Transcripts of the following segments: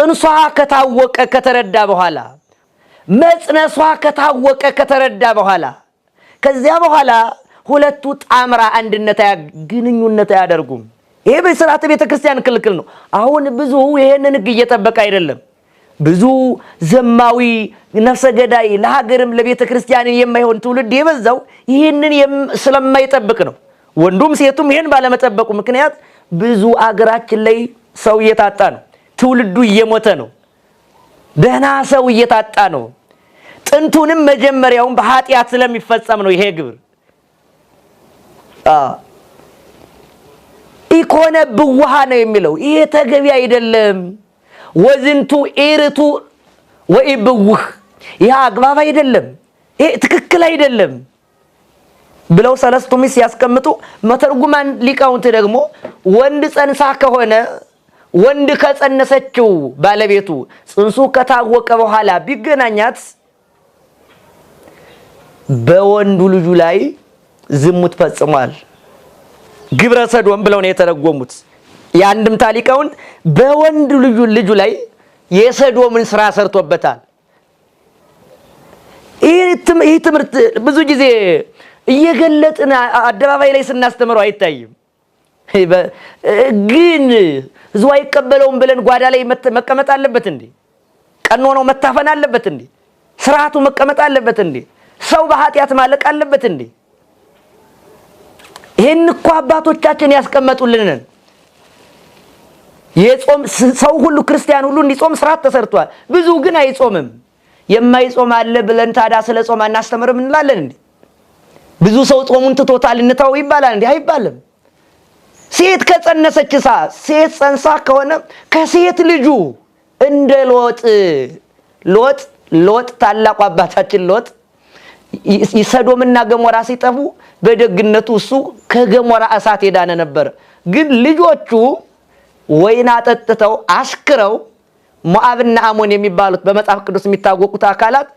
ጽንሷ ከታወቀ ከተረዳ በኋላ መጽነሷ ከታወቀ ከተረዳ በኋላ ከዚያ በኋላ ሁለቱ ጣምራ አንድነት ግንኙነት አያደርጉም። ይሄ በስርዓተ ቤተ ክርስቲያን ክልክል ነው። አሁን ብዙ ይሄንን ህግ እየጠበቀ አይደለም። ብዙ ዘማዊ ነፍሰ ገዳይ ለሀገርም ለቤተ ክርስቲያን የማይሆን ትውልድ የበዛው ይህንን ስለማይጠብቅ ነው። ወንዱም ሴቱም ይህን ባለመጠበቁ ምክንያት ብዙ አገራችን ላይ ሰው እየታጣ ነው። ትውልዱ እየሞተ ነው። ደህና ሰው እየታጣ ነው። ጥንቱንም መጀመሪያውን በኃጢአት ስለሚፈጸም ነው ይሄ ግብር። ኢኮነ ብውሃ ነው የሚለው። ይሄ ተገቢ አይደለም። ወዝንቱ ኢርቱ ብውህ ይህ አግባብ አይደለም፣ ይሄ ትክክል አይደለም ብለው ሰለስቱ ሚስት ያስቀምጡ። መተርጉማን ሊቃውንት ደግሞ ወንድ ጸንሳ ከሆነ ወንድ ከጸነሰችው ባለቤቱ ጽንሱ ከታወቀ በኋላ ቢገናኛት በወንዱ ልጁ ላይ ዝሙት ፈጽሟል። ግብረ ሰዶም ብለው ነው የተረጎሙት የአንድምታ ሊቃውንት። በወንዱ ልጁ ልጁ ላይ የሰዶምን ስራ ሰርቶበታል። ይህ ትምህርት ብዙ ጊዜ እየገለጥን አደባባይ ላይ ስናስተምረው አይታይም። ግን ህዝቡ አይቀበለውም ብለን ጓዳ ላይ መቀመጥ አለበት እንዴ? ቀኖ ነው መታፈን አለበት እንዴ? ስርዓቱ መቀመጥ አለበት እንዴ? ሰው በኃጢአት ማለቅ አለበት እንዴ? ይህን እኮ አባቶቻችን ያስቀመጡልንን የጾም ሰው ሁሉ ክርስቲያን ሁሉ እንዲጾም ስርዓት ተሰርቷል። ብዙ ግን አይጾምም። የማይጾም አለ ብለን ታዲያ ስለ ጾም አናስተምርም እንላለን እንዴ? ብዙ ሰው ጾሙን ትቶታል እንተው ይባላል እንዴ? አይባልም። ሴት ሳ ሴት ጸንሳ ከሆነ ከሴት ልጁ እንደ ሎጥ ሎጥ ሎጥ ታላቁ አባታችን ሎጥ ሰዶምና ገሞራ ሲጠፉ በደግነቱ እሱ ከገሞራ እሳት የዳነ ነበር። ግን ልጆቹ ወይን አጠጥተው አሽክረው ሞአብና አሞን የሚባሉት በመጽሐፍ ቅዱስ የሚታወቁት አካላት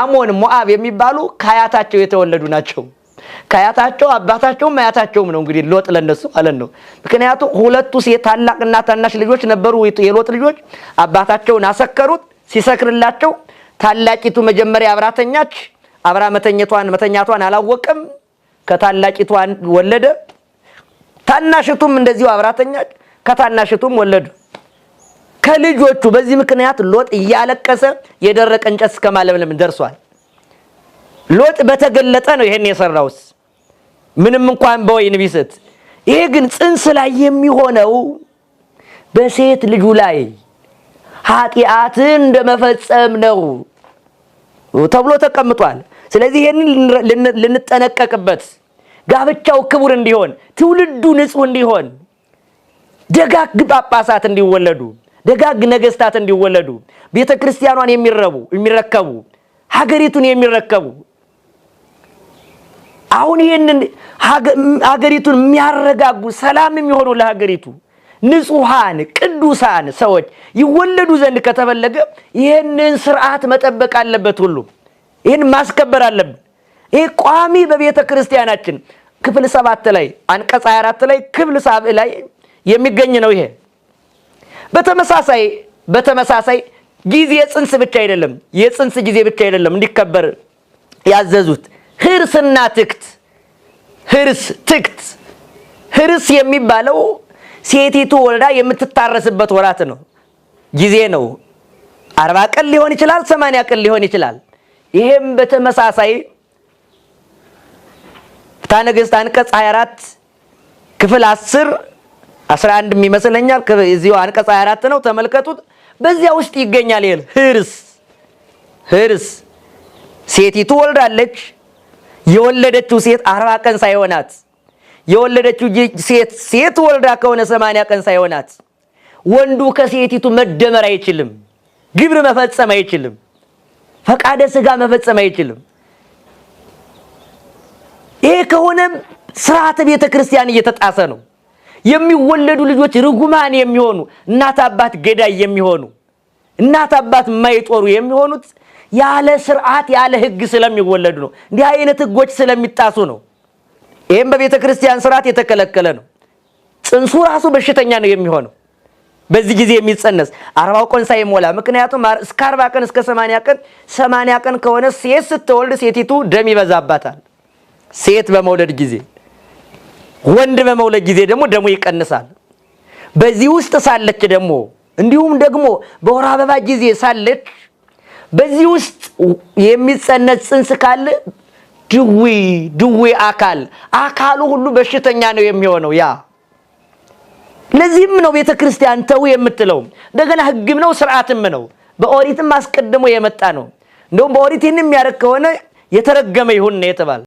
አሞን፣ ሞአብ የሚባሉ ከአያታቸው የተወለዱ ናቸው። ከአያታቸው አባታቸውም አያታቸውም ነው እንግዲህ ሎጥ ለነሱ ማለት ነው። ምክንያቱም ሁለቱ ሴት ታላቅና ታናሽ ልጆች ነበሩ የሎጥ ልጆች። አባታቸውን አሰከሩት። ሲሰክርላቸው ታላቂቱ መጀመሪያ አብራተኛች። አብራ መተኘቷን መተኛቷን አላወቅም። ከታላቂቷን ወለደ። ታናሽቱም እንደዚሁ አብራተኛች። ከታናሽቱም ወለዱ። ከልጆቹ በዚህ ምክንያት ሎጥ እያለቀሰ የደረቀ እንጨት እስከ ማለምለም ደርሷል። ሎጥ በተገለጠ ነው ይሄን የሰራውስ ምንም እንኳን በወይን ቢስት። ይሄ ግን ጽንስ ላይ የሚሆነው በሴት ልጁ ላይ ኃጢአትን እንደመፈጸም ነው ተብሎ ተቀምጧል። ስለዚህ ይሄንን ልንጠነቀቅበት፣ ጋብቻው ክቡር እንዲሆን፣ ትውልዱ ንጹሕ እንዲሆን፣ ደጋግ ጳጳሳት እንዲወለዱ፣ ደጋግ ነገስታት እንዲወለዱ፣ ቤተ ክርስቲያኗን የሚረቡ የሚረከቡ ሀገሪቱን የሚረከቡ አሁን ይህንን ሀገሪቱን የሚያረጋጉ ሰላም የሚሆኑ ለሀገሪቱ ንጹሐን ቅዱሳን ሰዎች ይወለዱ ዘንድ ከተፈለገ ይህንን ስርዓት መጠበቅ አለበት። ሁሉም ይህን ማስከበር አለብን። ይህ ቋሚ በቤተ ክርስቲያናችን ክፍል ሰባት ላይ አንቀጽ 24 ላይ ክፍል ሳብ ላይ የሚገኝ ነው። ይሄ በተመሳሳይ በተመሳሳይ ጊዜ ጽንስ ብቻ አይደለም የጽንስ ጊዜ ብቻ አይደለም እንዲከበር ያዘዙት ህርስና ትክት ህርስ ትክት ህርስ የሚባለው ሴቲቱ ወልዳ የምትታረስበት ወራት ነው፣ ጊዜ ነው። አርባ ቀን ሊሆን ይችላል፣ ሰማንያ ቀን ሊሆን ይችላል። ይሄም በተመሳሳይ ፍትሐ ነገሥት አንቀጽ 24 ክፍል 10 11 ይመስለኛል። እዚሁ አንቀጽ 24 ነው፣ ተመልከቱት። በዚያ ውስጥ ይገኛል። ይሄ ህርስ ህርስ ሴቲቱ ወልዳለች የወለደችው ሴት አርባ ቀን ሳይሆናት የወለደችው ሴት ሴት ወልዳ ከሆነ ሰማንያ ቀን ሳይሆናት ወንዱ ከሴቲቱ መደመር አይችልም። ግብር መፈጸም አይችልም። ፈቃደ ስጋ መፈጸም አይችልም። ይሄ ከሆነም ስርዓተ ቤተ ክርስቲያን እየተጣሰ ነው። የሚወለዱ ልጆች ርጉማን የሚሆኑ እናት አባት ገዳይ የሚሆኑ እናት አባት የማይጦሩ የሚሆኑት ያለ ስርዓት ያለ ህግ ስለሚወለዱ ነው። እንዲህ አይነት ህጎች ስለሚጣሱ ነው። ይህም በቤተ ክርስቲያን ስርዓት የተከለከለ ነው። ጽንሱ ራሱ በሽተኛ ነው የሚሆነው በዚህ ጊዜ የሚጸነስ አርባው ቀን ሳይሞላ። ምክንያቱም እስከ አርባ ቀን እስከ ሰማንያ ቀን ሰማንያ ቀን ከሆነ ሴት ስትወልድ ሴቲቱ ደም ይበዛባታል። ሴት በመውለድ ጊዜ ወንድ በመውለድ ጊዜ ደግሞ ደሙ ይቀንሳል። በዚህ ውስጥ ሳለች ደግሞ እንዲሁም ደግሞ በወር አበባ ጊዜ ሳለች በዚህ ውስጥ የሚጸነት ጽንስ ካለ ድዊ ድዊ አካል አካሉ ሁሉ በሽተኛ ነው የሚሆነው። ያ ለዚህም ነው ቤተ ክርስቲያን ተው የምትለው። እንደገና ህግም ነው ስርዓትም ነው። በኦሪትም አስቀድሞ የመጣ ነው። እንደውም በኦሪት ይህን የሚያደርግ ከሆነ የተረገመ ይሁን ነው